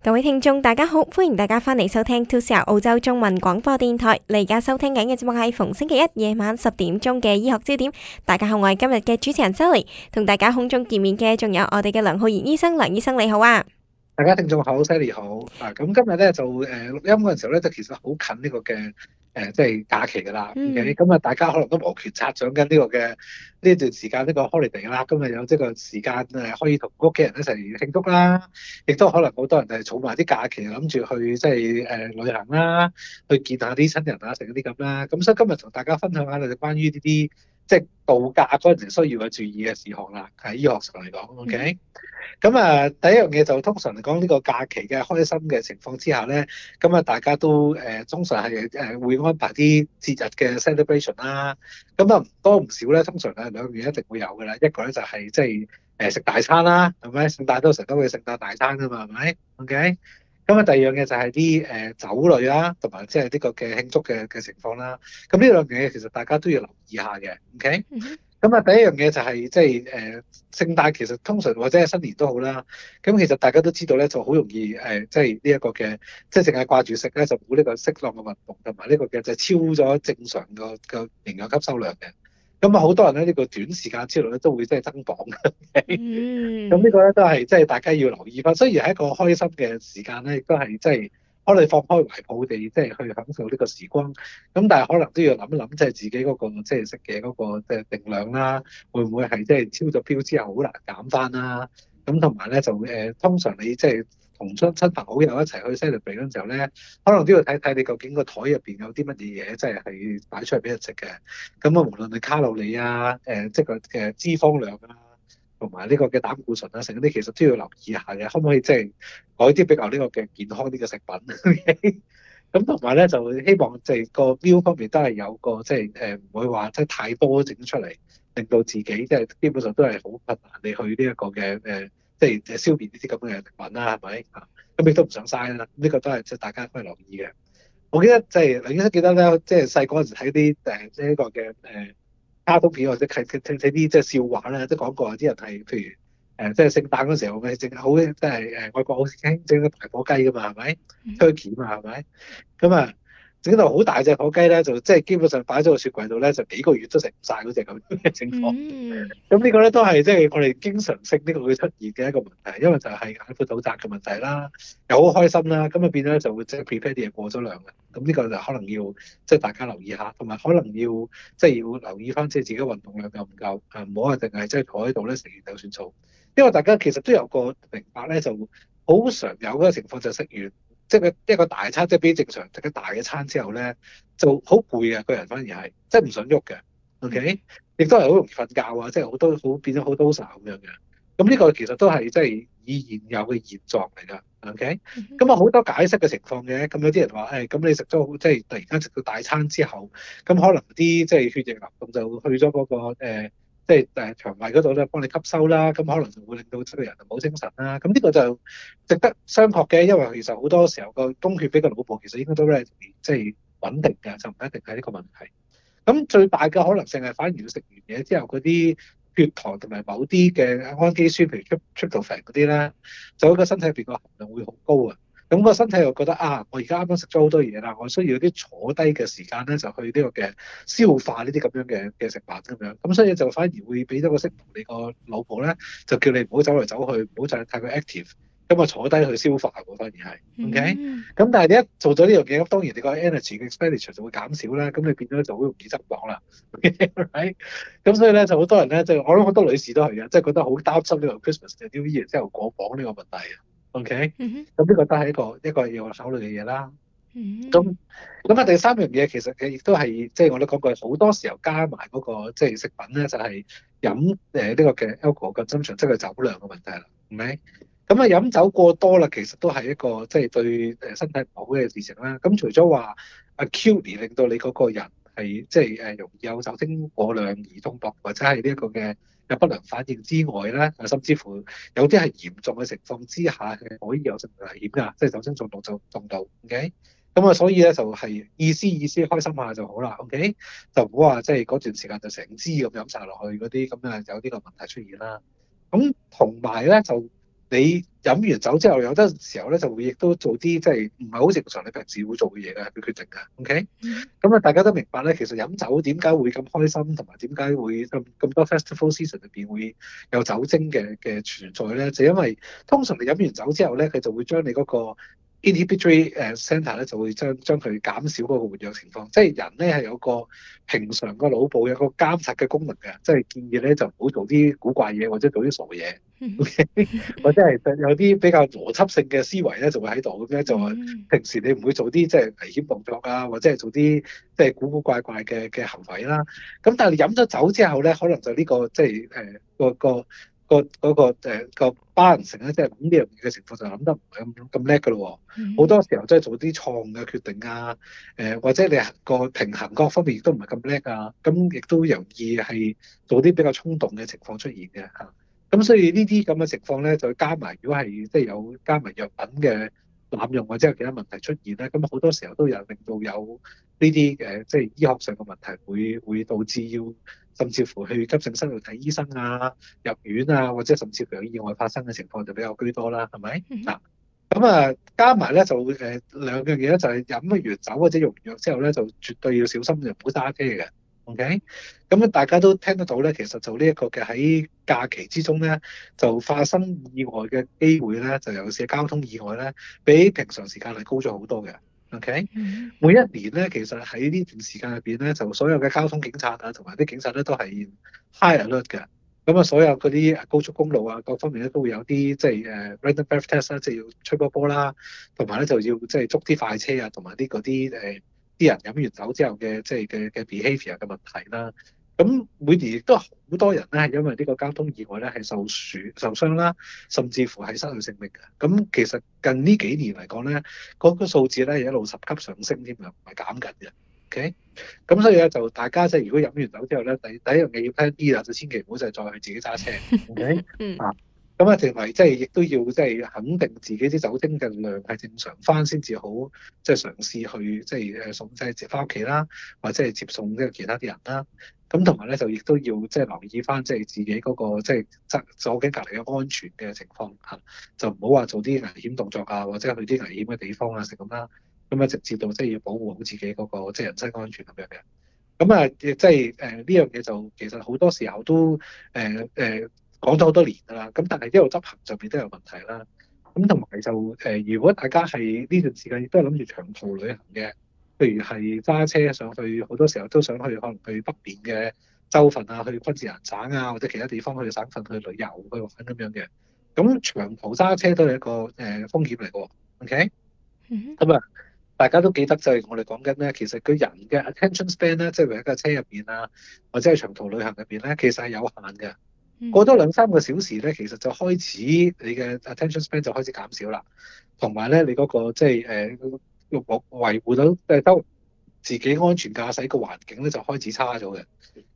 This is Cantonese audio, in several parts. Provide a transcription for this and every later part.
各位聽眾大家好，歡迎大家翻嚟收聽 To Sir 澳洲中文廣播電台。你而家收聽緊嘅節目係逢星期一夜晚十點鐘嘅醫學焦點。大家好，我係今日嘅主持人 Sally，同大家空中見面嘅仲有我哋嘅梁浩然醫生，梁醫生，醫生你好啊。大家聽眾好，Sally 好啊！咁今日咧就誒錄音嗰陣時候咧，就其實好近呢個嘅誒，即係假期㗎啦。咁啊、嗯，大家可能都無缺席上緊呢個嘅呢段時間呢個 holiday 啦。今日有呢個時間誒，可以同屋企人一齊慶祝啦，亦都可能好多人就係儲埋啲假期，諗住去即係誒旅行啦，去見下啲親人啊，成啲咁啦。咁所以今日同大家分享下就係關於呢啲。即係度假嗰陣時需要嘅注意嘅事項啦，喺醫學上嚟講，OK、嗯。咁啊，第一樣嘢就係、通常嚟講，呢個假期嘅開心嘅情況之下咧，咁啊，大家都誒、呃、通常係誒會安排啲節日嘅 celebration 啦。咁啊，唔多唔少咧，通常啊兩樣嘢一定會有嘅啦。一個咧就係即係誒食大餐啦，係咪？聖誕通常都係聖誕大餐㗎嘛，係咪？OK。咁啊，第二樣嘢就係啲誒酒類啦、啊，同埋即係呢個嘅慶祝嘅嘅情況啦、啊。咁呢兩樣嘢其實大家都要留意下嘅，OK？咁啊、mm，hmm。第一樣嘢就係即係誒聖誕，其實通常或者係新年都好啦。咁其實大家都知道咧，就好容易誒，即係呢一個嘅，即係淨係掛住食咧，就冇呢個適當嘅運動同埋呢個嘅就超咗正常嘅嘅營養吸收量嘅。咁啊，好多人咧，呢個短時間之內咧都會即係增磅。咁呢個咧都係即係大家要留意翻。雖然係一個開心嘅時間咧，亦都係即係可以放開懷抱地即係去享受呢個時光。咁但係可能都要諗一諗，即係自己嗰個即係食嘅嗰個即係定量啦，會唔會係即係超咗標之後好難減翻啦？咁同埋咧就誒，通常你即係。同親親朋好友一齊去西比蘭比嗰陣時候咧，可能都要睇睇你究竟個枱入邊有啲乜嘢嘢，即係係擺出嚟俾人食嘅。咁啊，無論係卡路里啊，誒、呃，即係個誒脂肪量啊，同埋呢個嘅膽固醇啊，成啲其實都要留意下嘅。可唔可以即係改啲比較呢個嘅健康啲嘅食品？咁同埋咧，就希望即係個標方面都係有個即係誒，唔、就是呃、會話即係太多整出嚟，令到自己即係、就是、基本上都係好困難地去呢一個嘅誒。呃即係誒消滅呢啲咁嘅物品啦，係咪？咁亦都唔想嘥啦，呢、呢個都係即係大家都可以留意嘅。我記得即係大家記得咧，即係細個嗰陣時睇啲誒呢個嘅誒卡通片，或者睇睇睇啲即係笑話咧，都講過啲人係譬如誒，即、呃、係、即係、聖誕嗰陣時候，咪整好即係誒外國好興整個排火雞噶嘛，係咪、mm hmm.？Turkey 嘛係咪？咁啊～整到好大隻火雞咧，就即係基本上擺咗個雪櫃度咧，就幾個月都食唔晒嗰隻咁嘅情況。咁、mm hmm. 呢個咧都係即係我哋經常性呢個會出現嘅一個問題，因為就係眼闊肚窄嘅問題啦，又好開心啦，咁啊變咧就會即係 prepare 啲嘢過咗量啊。咁呢個就可能要即係、就是、大家留意下，同埋可能要即係、就是、要留意翻即係自己運動量夠唔夠啊，唔好淨係即係坐喺度咧食完就算數。因為大家其實都有個明白咧，就好常有嘅情況就食完。即係一個一個大餐，即係比正常食緊大嘅餐之後咧，就好攰啊個人，反而係即係唔想喐嘅，OK？亦都係好容易瞓覺啊，即係好多好變咗好多曬咁樣嘅。咁呢個其實都係即係以現有嘅現狀嚟㗎，OK？咁啊好多解釋嘅情況嘅，咁有啲人話誒，咁、哎、你食到即係突然間食到大餐之後，咁可能啲即係血液流動就去咗嗰、那個、呃即係誒腸胃嗰度咧，幫你吸收啦，咁可能就會令到出係人冇精神啦。咁呢個就值得商榷嘅，因為其實好多時候個供血畀個腦部，其實應該都即係穩定嘅，就唔一定係呢個問題。咁最大嘅可能性係反而要食完嘢之後，嗰啲血糖同埋某啲嘅氨基酸，譬如 tryptophan 嗰啲咧，就喺個身體入邊個含量會好高啊。咁個身體又覺得啊，我而家啱啱食咗好多嘢啦，我需要啲坐低嘅時間咧，就去呢個嘅消化呢啲咁樣嘅嘅食物咁樣。咁所以就反而會俾咗個識同你個老婆咧，就叫你唔好走嚟走去，唔好再太過 active，咁啊坐低去消化喎。我反而係，OK？咁、mm hmm. 但係你一做咗呢樣嘢，當然你個 energy 嘅 expenditure 就會減少啦。咁你變咗就好容易增磅啦，咁、okay? right? 所以咧就好多人咧，就我諗好多女士都係嘅，即、就、係、是、覺得好擔心呢個 Christmas New Year 之後過磅呢個問題。O.K. 咁呢個都係一個一個要考慮嘅嘢啦。咁咁啊第三樣嘢其實亦都係即係我都講過，好多時候加埋嗰個即係食品咧就係飲誒呢個嘅 alcohol 嘅樽醇即嘅、就是、酒量嘅問題啦，係咪？咁啊飲酒過多啦，其實都係一個即係、就是、對誒身體唔好嘅事情啦。咁除咗話阿 Q o 令到你嗰個人係即係誒容易有酒精過量而中毒，或者係呢一個嘅。有不良反應之外咧，甚至乎有啲係嚴重嘅情況之下，係可以有性命危險㗎，即係酒精中毒就中毒，OK？咁啊，所以咧就係意思意思，開心下就好啦，OK？就唔好話即係嗰段時間就成支咁飲晒落去嗰啲，咁樣有呢個問題出現啦。咁同埋咧就。你飲完酒之後，有得時候咧，就會亦都做啲即係唔係好正常你平時會做嘅嘢嘅，去決定嘅，OK？咁啊，大家都明白咧，其實飲酒點解會咁開心，同埋點解會咁咁多 festival season 入邊會有酒精嘅嘅存在咧，就是、因為通常你飲完酒之後咧，佢就會將你嗰個 inhibitory centre 咧就會將將佢減少嗰個活躍情況。即係人咧係有個平常個腦部有個監察嘅功能嘅，即係建議咧就唔好做啲古怪嘢或者做啲傻嘢。 或者係有啲比較邏輯性嘅思維咧，就會喺度咁樣就話，平時你唔會做啲即係危險動作啊，或者係做啲即係古古怪怪嘅嘅行為啦。咁但係你飲咗酒之後咧，可能就呢、呢個即係誒個、嗰個、嗰個嗰、嗰個誒、嗰個嗰個嗰個平衡性咧，即係呢樣嘢嘅情況就諗得唔係咁樣咁叻㗎咯。好多時候即係做啲錯誤嘅決定啊，誒、呃、或者你個平衡各方面亦都唔係咁叻啊，咁亦都容易係做啲比較衝動嘅情況出現嘅嚇。咁所以呢啲咁嘅情況咧，就加埋如果係即係有加埋藥品嘅濫用或者有其他問題出現咧，咁好多時候都有令到有呢啲嘅即係醫學上嘅問題，會會導致要甚至乎去急症室度睇醫生啊、入院啊，或者甚至乎有意外發生嘅情況就比較居多啦，係咪、mm？嗱、hmm.，咁啊加埋咧就誒兩樣嘢咧，就係飲咗藥酒或者用完藥之後咧，就絕對要小心，就唔好揸車嘅。OK，咁啊，大家都聽得到咧。其實就呢一個嘅喺假期之中咧，就發生意外嘅機會咧，就尤其是交通意外咧，比平常時間係高咗好多嘅。OK，、mm hmm. 每一年咧，其實喺呢段時間入邊咧，就所有嘅交通警察啊，同埋啲警察咧，都係 high alert 嘅。咁啊，所有嗰啲高速公路啊，各方面咧都會有啲即係誒、uh, random breath test 即係要吹波波啦、啊，同埋咧就要即係捉啲快車啊，同埋啲嗰啲誒。啲人飲完酒之後嘅即係嘅嘅 behavior 嘅問題啦，咁每年亦都好多人咧係因為呢個交通意外咧係受損受傷啦，甚至乎係失去性命嘅。咁其實近呢幾年嚟講咧，嗰個數字咧一路十級上升添啊，又唔係減緊嘅。OK，咁所以咧就大家即係如果飲完酒之後咧，第第一樣嘢要聽啲啦，就千祈唔好就係再去自己揸車。OK， 嗯。咁啊，同埋即係亦都要即係肯定自己啲酒精嘅量係正常翻先至好，即係嘗試去即係誒送製接翻屋企啦，或者係接送啲其他啲人啦。咁同埋咧，就亦都要即係留意翻即係自己嗰個即係側左邊隔離嘅安全嘅情況嚇，就唔好話做啲危險動作啊，或者去啲危險嘅地方啊，成咁啦。咁啊，直接到即係要保護好自己嗰個即係人身安全咁樣嘅。咁啊，即係誒呢樣嘢就其實好多時候都誒誒。呃呃講咗好多年啦，咁但係一路執行上邊都有問題啦。咁同埋就誒、呃，如果大家係呢段時間亦都係諗住長途旅行嘅，譬如係揸車上去，好多時候都想去可能去北邊嘅州份啊，去昆士蘭省啊，或者其他地方去省份去旅遊去玩咁樣嘅。咁、嗯、長途揸車都係一個誒、呃、風險嚟嘅，OK？咁啊、mm hmm. 嗯，大家都記得就係我哋講緊咧，其實個人嘅 attention span 咧，即係一架車入邊啊，或者係長途旅行入邊咧，其實係有限嘅。過多兩三個小時咧，其實就開始你嘅 attention span 就開始減少啦，同埋咧你嗰，那個即係誒、個個維護嘅，呃、都。自己安全駕駛個環境咧就開始差咗嘅，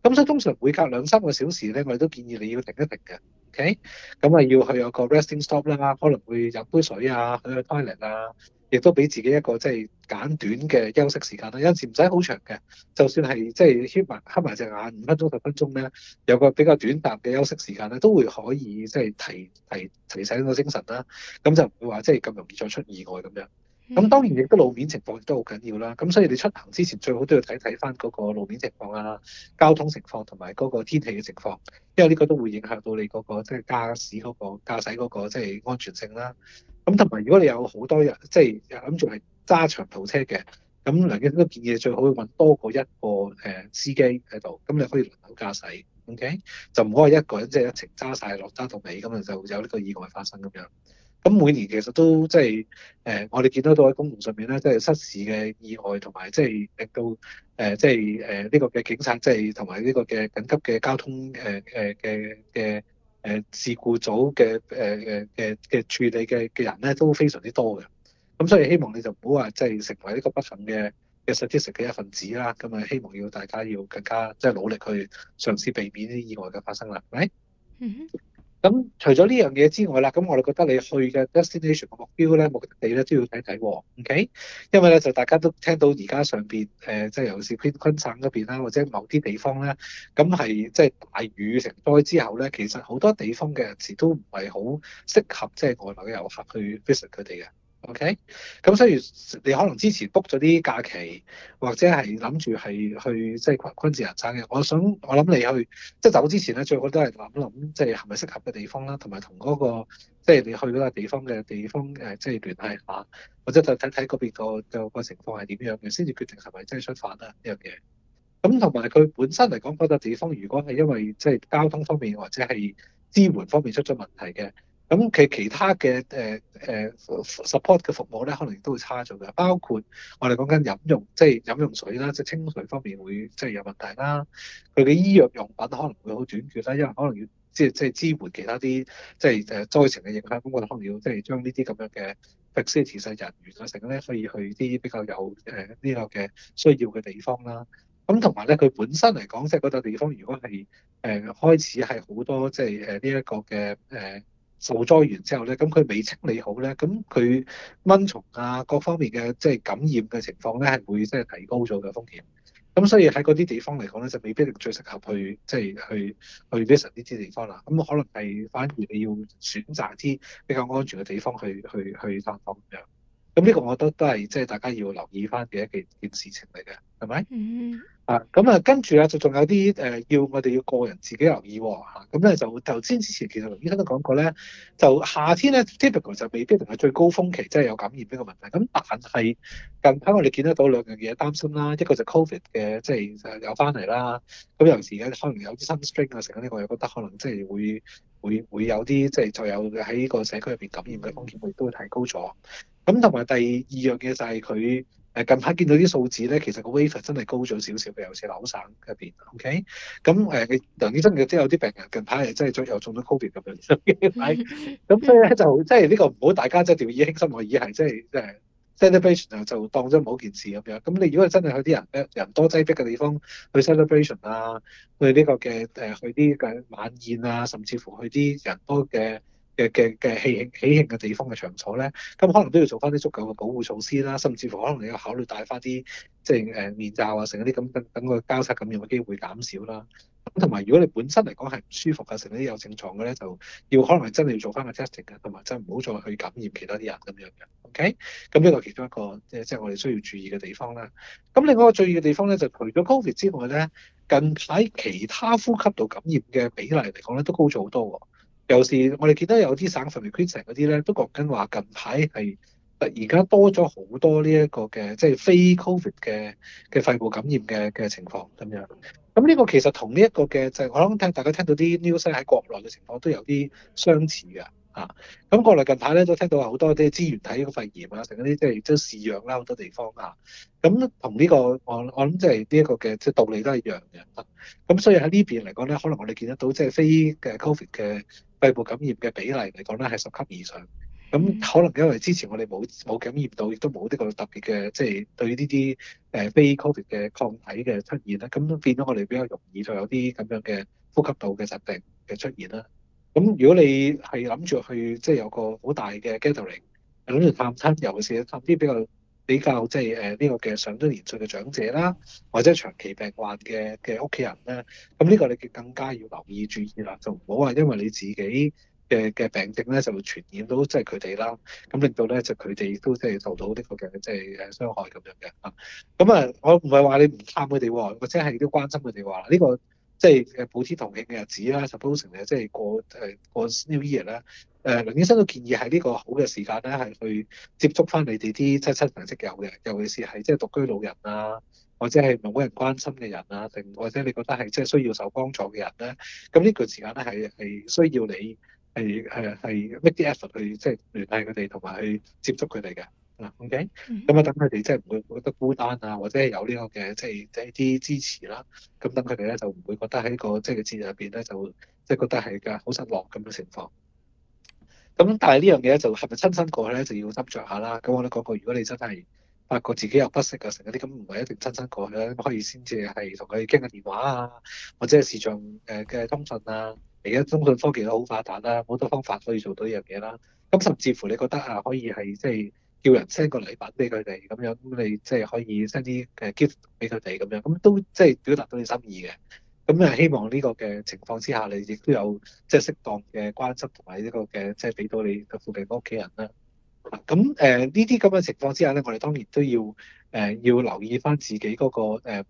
咁所以通常每隔兩三個小時咧，我哋都建議你要停一停嘅，OK？咁啊要去有個 resting stop 啦，可能會飲杯水啊，去個 toilet 啊，亦都俾自己一個即係簡短嘅休息時間啦。有陣時唔使好長嘅，就算係即係黒埋隻眼五分鐘、十分鐘咧，有個比較短暫嘅休息時間咧，都會可以即係提提提醒到精神啦、啊，咁就唔會話即係咁容易再出意外咁樣。咁、嗯、當然亦都路面情況亦都好緊要啦，咁所以你出行之前最好都要睇睇翻嗰個路面情況啊、交通情況同埋嗰個天氣嘅情況，因為呢個都會影響到你嗰、嗰個即係、即係、駕駛嗰、嗰個駕駛即、嗰、係、個即係、安全性啦。咁同埋如果你有好多人即係諗住係揸長途車嘅，咁梁醫生都建議最好揾多過一個誒司機喺度，咁你可以輪流駕駛，OK？就唔可以一個人即係、即係、一程揸晒落揸到尾，咁啊就有呢個意外發生咁樣。咁每年其實都即係誒，我哋見得到喺公路上面咧，即係失事嘅意外同埋即係令到誒即係誒呢個嘅警察即係同埋呢個嘅緊急嘅交通誒誒嘅嘅誒事故組嘅誒誒嘅嘅處理嘅嘅人咧都非常之多嘅。咁所以希望你就唔好話即係成為呢個不幸嘅嘅 statistics 嘅一份子啦。咁啊，希望要大家要更加即係努力去嘗試避免啲意外嘅發生啦。係咪？Mm hmm. 咁除咗呢樣嘢之外啦，咁我哋覺得你去嘅 destination 個目標咧，目的地咧都要睇睇喎，OK？因為咧就大家都聽到而家上邊誒，即、呃、係尤其是昆坤省嗰邊啦，或者某啲地方咧，咁係即係大雨成災之後咧，其實好多地方嘅人士都唔係好適合即係、就是、外來嘅遊客去 visit 佢哋嘅。OK，咁所以你可能之前 book 咗啲假期，或者係諗住係去即係昆昆士蘭嘅。我想我諗你去即係、就是、走之前咧，最好都係諗諗，即係係咪適合嘅地方啦，同埋同嗰個即係、就是、你去嗰個地方嘅地方誒，即、就、係、是、聯繫下，或者睇睇睇嗰邊個、那個情況係點樣嘅，先至決定係咪真係出發啦呢樣嘢。咁同埋佢本身嚟講嗰個地方，如果係因為即係交通方面或者係支援方面出咗問題嘅。咁其其他嘅誒誒 support 嘅服務咧，可能亦都會差咗嘅。包括我哋講緊飲用，即係飲用水啦，即係清水方面會即係有問題啦。佢嘅醫藥用品可能會好短缺啦，因為可能要即係即係支援其他啲即係誒災情嘅影響。咁我哋可能要即係將呢啲咁樣嘅特殊嘅人士人員嗰啲咧，可以去啲比較有誒呢個嘅需要嘅地方啦。咁同埋咧，佢本身嚟講，即係嗰度地方如果係誒開始係好多即係誒呢一個嘅誒，受災完之後咧，咁佢未清理好咧，咁佢蚊蟲啊各方面嘅即係感染嘅情況咧，係會即係提高咗嘅風險。咁所以喺嗰啲地方嚟講咧，就未必一定最適合去即係、就是、去去 visit 呢啲地方啦。咁可能係反而你要選擇啲比較安全嘅地方去去去探訪咁樣。咁呢個我覺得都係即係大家要留意翻嘅一件件事情嚟嘅，係咪？嗯。啊，咁啊，跟住啊，就仲有啲誒，要、呃、我哋要個人自己留意喎。咁咧就頭先之前，其實林醫生都講過咧，就夏天咧 typical 就未必係最高峰期，即係有感染呢個問題。咁但係近排我哋見得到兩樣嘢擔心啦，一個就 COVID 嘅，即係有翻嚟啦。咁有時而家可能有啲新 strain 啊，成咁咧，我又覺得可能即係會會會有啲即係再有喺呢個社區入邊感染嘅風險，亦都會提高咗。咁同埋第二樣嘢就係佢。誒近排見到啲數字咧，其實個 wave 真係高咗少少嘅，尤其係樓省入邊。OK，咁誒、呃，梁醫生嘅即係有啲病人近排係真係再又中咗 COVID 咁樣。o 咁所以咧就即係呢個唔好大家即係掉以輕心，我而係即係即係 celebration 就當咗某件事咁樣。咁你如果係真係去啲人人多擠逼嘅地方去 celebration 啊，去呢、這個嘅誒去啲嘅晚宴啊，甚至乎去啲人多嘅。嘅嘅嘅喜慶喜慶嘅地方嘅場所咧，咁可能都要做翻啲足夠嘅保護措施啦，甚至乎可能你要考慮帶翻啲即係誒、呃、面罩啊，成啲咁等等，個交叉感染嘅機會減少啦。咁同埋如果你本身嚟講係唔舒服啊，成啲有症狀嘅咧，就要可能係真係要做翻個 test 嘅，同埋真係唔好再去感染其他啲人咁樣嘅。OK，咁呢個其中一個即係即係我哋需要注意嘅地方啦。咁另外一個注意嘅地方咧，就除咗 COVID 之外咧，近排其他呼吸道感染嘅比例嚟講咧，都高咗好多。有時我哋見到有啲省份 report 嗰啲咧，不過跟話近排係突然間多咗好多呢一個嘅，即係非 covid 嘅嘅肺部感染嘅嘅情況咁樣。咁呢個其實同呢一個嘅，就係我想聽大家聽到啲 news 喺國內嘅情況都有啲相似㗎。啊，咁國內近排咧都聽到好多啲支原體個肺炎啊，成啲即係即係試藥啦，好多地方嚇、啊。咁同呢個我我諗即係呢一個嘅即係道理都係一樣嘅。咁、啊、所以喺呢邊嚟講咧，可能我哋見得到即係非嘅 Covid 嘅肺部感染嘅比例嚟講咧係十級以上。咁可能因為之前我哋冇冇感染到，亦都冇呢個特別嘅即係對呢啲誒非 Covid 嘅抗體嘅出現啦。咁變咗我哋比較容易就有啲咁樣嘅呼吸道嘅疾病嘅出現啦。咁如果你係諗住去即係有個好大嘅 gathering，係諗住探親，尤其是探啲比較比較即係誒呢個嘅上咗年歲嘅長者啦，或者長期病患嘅嘅屋企人咧，咁呢個你更加要留意注意啦，就唔好話因為你自己嘅嘅病症咧就會傳染到即係佢哋啦，咁令到咧就佢哋都即係受到呢個嘅即係誒傷害咁樣嘅嚇。咁啊，我唔係話你唔探佢哋喎，或者係都關心佢哋話呢個。即係誒普天同慶嘅日子啦，supposing 又即係過誒過 New Year 啦。誒，梁醫生都建議喺呢個好嘅時間咧，係去接觸翻你哋啲即係親朋戚友嘅，尤其是係即係獨居老人啊，或者係冇人關心嘅人啊，定或者你覺得係即係需要受幫助嘅人咧。咁呢個時間咧係係需要你係誒係 make 啲 effort 去即係聯繫佢哋同埋去接觸佢哋嘅。啊，OK，咁啊、mm，等佢哋即係唔會覺得孤單啊，或者係有呢個嘅即係即係啲支持啦。咁等佢哋咧就唔會覺得喺個即係個節日入邊咧就即係覺得係㗎，好失落咁嘅情況。咁但係呢樣嘢就係咪親身過去咧，就要斟酌下啦。咁我都講過，如果你真係發覺自己又不適啊，成嗰啲咁，唔係一定親身過去咧，可以先至係同佢傾下電話啊，或者係視像誒嘅通訊啊。而家通訊科技都好發達啦，好多方法可以做到呢樣嘢啦。咁甚至乎你覺得啊，可以係即係。叫人 send 個禮品俾佢哋咁樣，咁你即係可以 send 啲嘅 gift 俾佢哋咁樣，咁都即係表達到你心意嘅。咁啊，希望呢個嘅情況之下，你亦都有即係、就是、適當嘅關心同埋呢個嘅即係俾到你嘅附近屋企人啦。咁誒呢啲咁嘅情況之下咧，我哋當然都要誒、呃、要留意翻自己嗰、那個誒、呃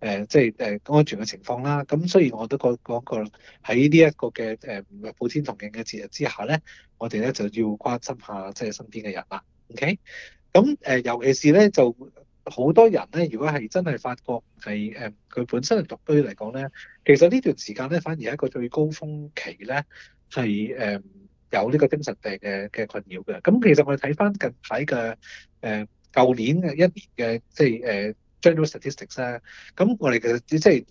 呃、即係誒、呃、安全嘅情況啦。咁雖然我都覺講過喺呢一個嘅誒普天同慶嘅節日之下咧，我哋咧就要關心下即係身邊嘅人啦。OK，咁誒，尤其是咧，就好多人咧。如果係真係發覺係誒佢本身係獨居嚟講咧，其實呢段時間咧，反而係一個最高峰期咧，係誒、呃、有呢個精神病嘅嘅困擾嘅。咁其實我哋睇翻近排嘅誒舊年嘅一年嘅，即係誒、呃、general statistics 咧。咁我哋其實即係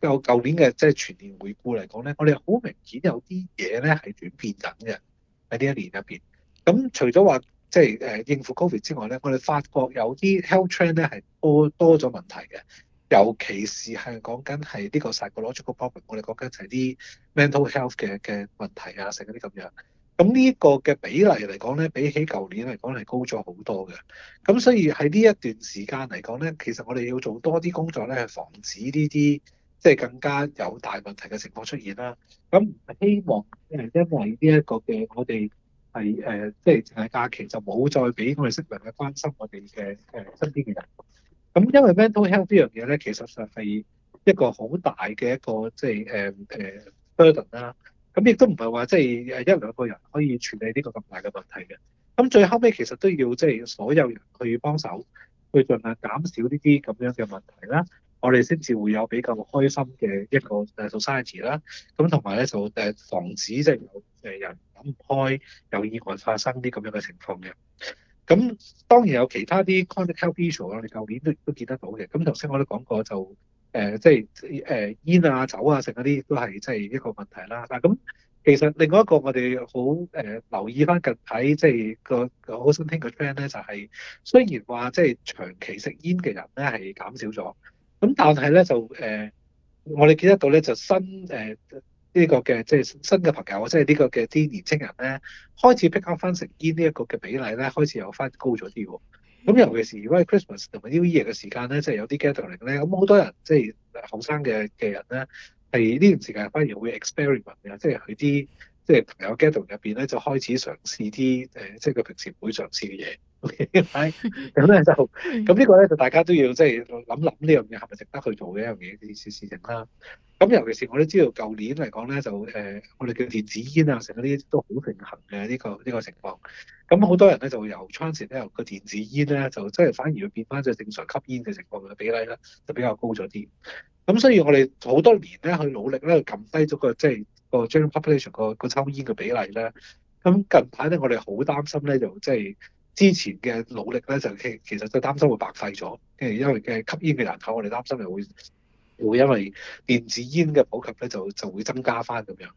舊舊年嘅即係全年回顧嚟講咧，我哋好明顯有啲嘢咧係轉變緊嘅喺呢一年入邊。咁除咗話，即係誒應付 COVID 之外咧，我哋發覺有啲 health trend 咧係多多咗問題嘅，尤其是係講緊係呢個 psychological problem，我哋覺得就係一啲 mental health 嘅嘅問題啊，成啲咁樣。咁呢一個嘅比例嚟講咧，比起舊年嚟講係高咗好多嘅。咁所以喺呢一段時間嚟講咧，其實我哋要做多啲工作咧，去防止呢啲即係更加有大問題嘅情況出現啦。咁希望係因為呢一個嘅我哋。係誒，即係淨係假期就冇再俾我哋識別嘅關心我哋嘅誒身邊嘅人。咁因為 mental health 呢樣嘢咧，其實上係一個好大嘅一個即係誒誒 burden 啦、啊。咁亦都唔係話即係誒一兩個人可以處理呢個咁大嘅問題嘅。咁最後尾，其實都要即係所有人去幫手，去盡量減少呢啲咁樣嘅問題啦。我哋先至會有比較開心嘅一個誒、就是、society 啦。咁同埋咧就誒、是、防止即係有誒人，諗唔開，有意外發生啲咁樣嘅情況嘅。咁當然有其他啲 clinical issue 啦，我哋舊年都都見得到嘅。咁頭先我都講過就誒、呃，即係誒、呃、煙啊、酒啊，食嗰啲都係即係一個問題啦。但咁其實另外一個我哋好誒留意翻近排，即係個,個,個好新興個 trend 咧，就係、是、雖然話即係長期食煙嘅人咧係減少咗，咁但係咧就誒、呃、我哋見得到咧就新誒。呃呢個嘅即係新嘅朋友，或者係呢個嘅啲年青人咧，開始 pick up 翻食煙呢一個嘅比例咧，開始有翻高咗啲喎。咁尤其是如果喺 Christmas 同埋 New Year 嘅時間咧，即係有啲 gathering 咧，咁好多人即係後生嘅嘅人咧，係呢段時間反而會 experiment 嘅，即係佢啲即係朋友 gathering 入邊咧，就開始嘗試啲誒，即係佢平時唔會嘗試嘅嘢。咁咧就咁呢個咧就大家都要即係諗諗呢樣嘢係咪值得去做嘅一樣嘢啲事情啦。咁尤其是我都知道舊年嚟講咧就誒我哋叫電子煙啊，成嗰啲都好平衡嘅呢個呢個情況。咁好多人咧就由當前咧由個電子煙咧就即係反而會變翻即正常吸煙嘅情況嘅比例咧，就比較高咗啲。咁所以我哋好多年咧去努力咧去撳低咗、個即係、就是、個 general population 個、個抽煙嘅比例咧。咁近排咧我哋好擔心咧就即係。之前嘅努力咧，就其其實就擔心會白費咗，跟住因為嘅吸煙嘅人口，我哋擔心又會會因為電子煙嘅普及咧，就就會增加翻咁樣。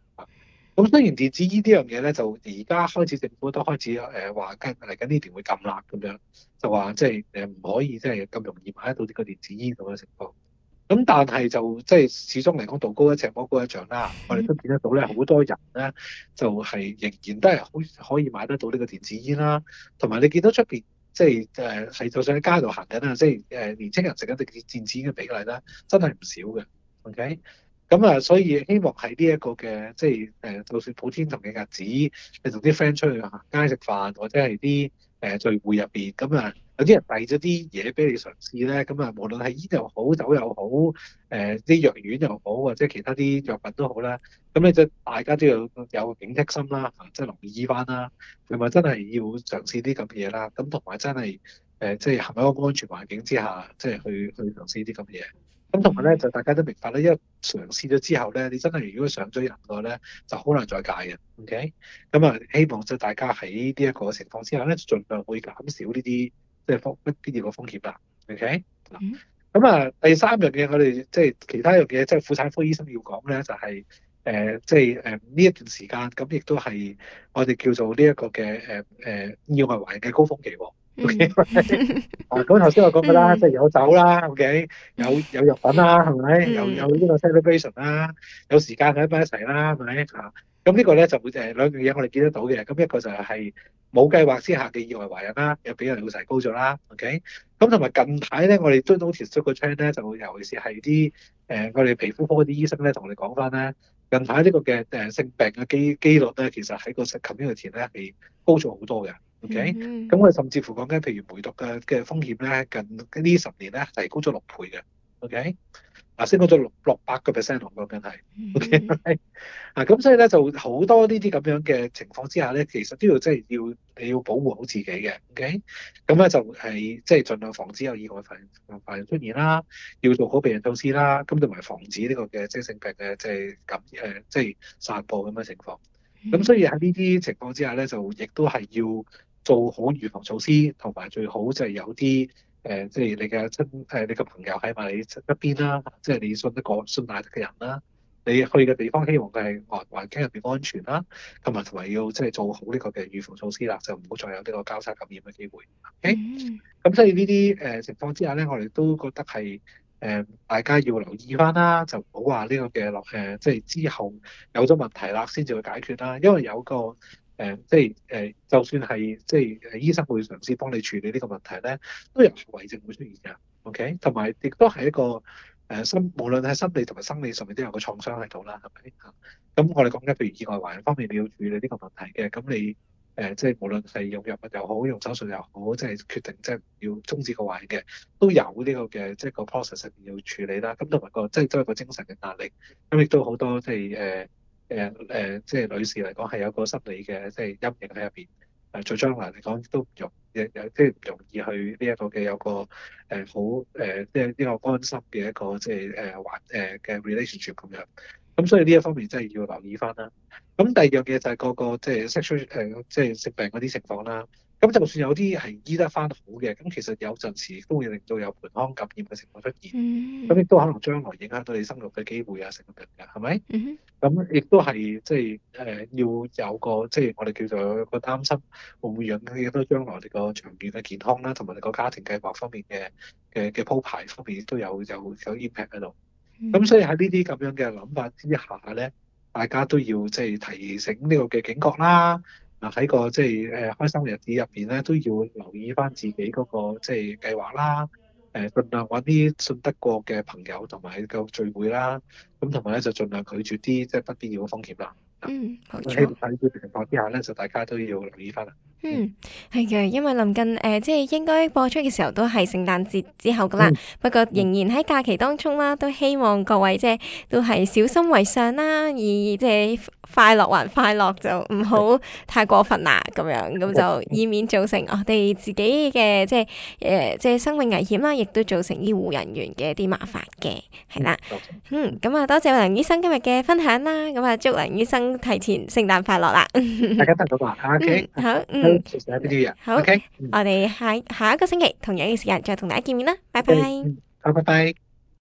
咁雖然電子煙呢樣嘢咧，就而家開始政府都開始誒話跟嚟緊呢段會禁啦，咁樣就話即係誒唔可以即係咁容易買得到呢個電子煙咁嘅情況。咁但係就即係始終嚟講，道高一尺，魔高一丈啦。我哋都見得到咧，好多人咧就係、是、仍然都係好可以買得到呢個電子煙啦。同埋你見到出邊即係誒係就上喺街度行緊啊，即係誒年青人食緊電子電子煙嘅比例咧，真係唔少嘅。OK，咁啊，所以希望喺呢一個嘅即係誒，就算普天同慶日子，你同啲 friend 出去行街食飯，或者係啲誒聚會入邊，咁啊～有啲人遞咗啲嘢俾你嘗試咧，咁啊，無論係煙又好、酒又好，誒啲藥丸又好，或者其他啲藥品都好啦，咁咧就大家都要有，有警惕心啦，即係容易醫返啦，同埋真係要嘗試啲咁嘅嘢啦，咁同埋真係誒即係喺一個安全環境之下，即係去去嘗試啲咁嘅嘢，咁同埋咧就大家都明白咧，一嘗試咗之後咧，你真係如果上咗癮嘅咧，就好難再戒嘅，OK？咁啊，希望就大家喺呢一個情況之下咧，就盡量會減少呢啲。即係方一啲嘢個風險啦，OK 嗱咁、嗯、啊，第三樣嘢，我哋即係其他樣嘢，即係婦產科醫生要講咧，就係誒即係誒呢一段時間咁，亦、呃、都係我哋叫做呢一個嘅誒誒意外懷孕嘅高峰期，OK、嗯、 啊，咁頭先我講嘅啦，嗯、即係有酒啦，OK 有有藥品啦，係咪、嗯、有有呢個 celebration 啦，有時間喺埋一齊啦，係咪嚇？咁呢個咧就誒、是、兩樣嘢我哋見得到嘅，咁一個就係冇計劃之下嘅意外懷孕啦，又幾人會提高咗啦，OK？咁同埋近排咧，我哋追到 u r 個 channel 就尤其是係啲誒我哋皮膚科啲醫生咧同我哋講翻咧，近排呢個嘅誒性病嘅機機率咧，其實喺個 community 咧係高咗好多嘅，OK？咁、mm hmm. 我哋甚至乎講緊譬如梅毒嘅嘅風險咧，近呢十年咧係高咗六倍嘅，OK？Mm hmm. 啊，升高咗六六百個 percent 喎，講緊係，OK？啊，咁所以咧就好多呢啲咁樣嘅情況之下咧，其實都要即係、即係、要你要保護好自己嘅，OK？咁咧就係即係儘量防止有意外發發生出現啦，要做好避孕措施啦，咁同埋防止呢個嘅精係性病嘅即係感誒即係散佈咁嘅情況。咁、mm hmm. 所以喺呢啲情況之下咧，就亦都係要做好預防措施，同埋最好就係有啲，誒，即係你嘅親，誒你嘅朋友喺埋你側一邊啦，即係你信得過、信賴得嘅人啦。你去嘅地方希望佢係環環境入邊安全啦，同埋同埋要即係做好呢個嘅預防措施啦，就唔好再有呢個交叉感染嘅機會。咁、okay? mm hmm. 所以呢啲誒情況之下咧，我哋都覺得係誒大家要留意翻啦，就唔好話呢個嘅落誒，即係之後有咗問題啦，先至會解決啦，因為有個誒、呃，即係誒、呃，就算係即係誒，醫生會嘗試幫你處理呢個問題咧，都有遺症會出現嘅。OK，同埋亦都係一個誒、呃、心，無論喺心理同埋生理上面都有個創傷喺度啦，係咪？咁我哋講緊譬如意外懷孕方面，你要處理呢個問題嘅，咁你誒、呃、即係無論係用藥物又好，用手術又好，即係決定即係要終止個懷孕嘅，都有呢、這個嘅即係個 process 面要處理啦。咁同埋個即係都係個精神嘅壓力，咁亦都好多即係誒。呃誒誒、呃呃，即係女士嚟講係有個心理嘅即係陰影喺入邊，誒在將來嚟講都唔容，亦即係唔容易去呢一個嘅有個誒好誒，即係呢個安心嘅一個即係誒環、呃、誒嘅、呃、relationship 咁樣。咁所以呢一方面真係要留意翻啦。咁第二樣嘢就係個個即係 sexual 誒，即係性病嗰啲情況啦。咁就算有啲係醫得翻好嘅，咁其實有陣時都會令到有盆腔感染嘅情況出現，咁亦、mm hmm. 都可能將來影響到你生育嘅機會啊，成日㗎，係咪？咁亦、mm hmm. 都係即係誒、呃，要有個即係我哋叫做有個擔心，會唔會影響到將來你個長遠嘅健康啦、啊，同埋你個家庭計劃方面嘅嘅嘅鋪排方面都有有有 impact 喺度。咁、mm hmm. 所以喺呢啲咁樣嘅諗法之下咧，大家都要即係提醒呢個嘅警覺啦。啊喺個即係誒開心嘅日子入邊咧，都要留意翻自己嗰個即係計劃啦。誒，儘量揾啲信得過嘅朋友同埋夠聚會啦。咁同埋咧，就儘量拒絕啲即係不必要嘅風險啦。嗯，好。喺呢啲情況之下咧，就大家都要留意翻。嗯，係嘅，因為臨近誒，即係應該播出嘅時候都係聖誕節之後㗎啦。不過仍然喺假期當中啦，都希望各位即係都係小心為上啦，而即係。快樂還快樂就唔好太過分啦，咁樣咁就以免造成我哋自己嘅即係誒即係生命危險啦，亦都造成醫護人員嘅一啲麻煩嘅，係啦。嗯，咁啊、嗯、多謝梁醫生今日嘅分享啦，咁啊祝梁醫生提前聖誕快樂啦。 大家等等話，好，嗯、Hello, okay? 好，謝謝阿潘主任。好，我哋下下一個星期同樣嘅時間再同大家見面啦，拜拜，拜拜、okay.。Bye bye bye.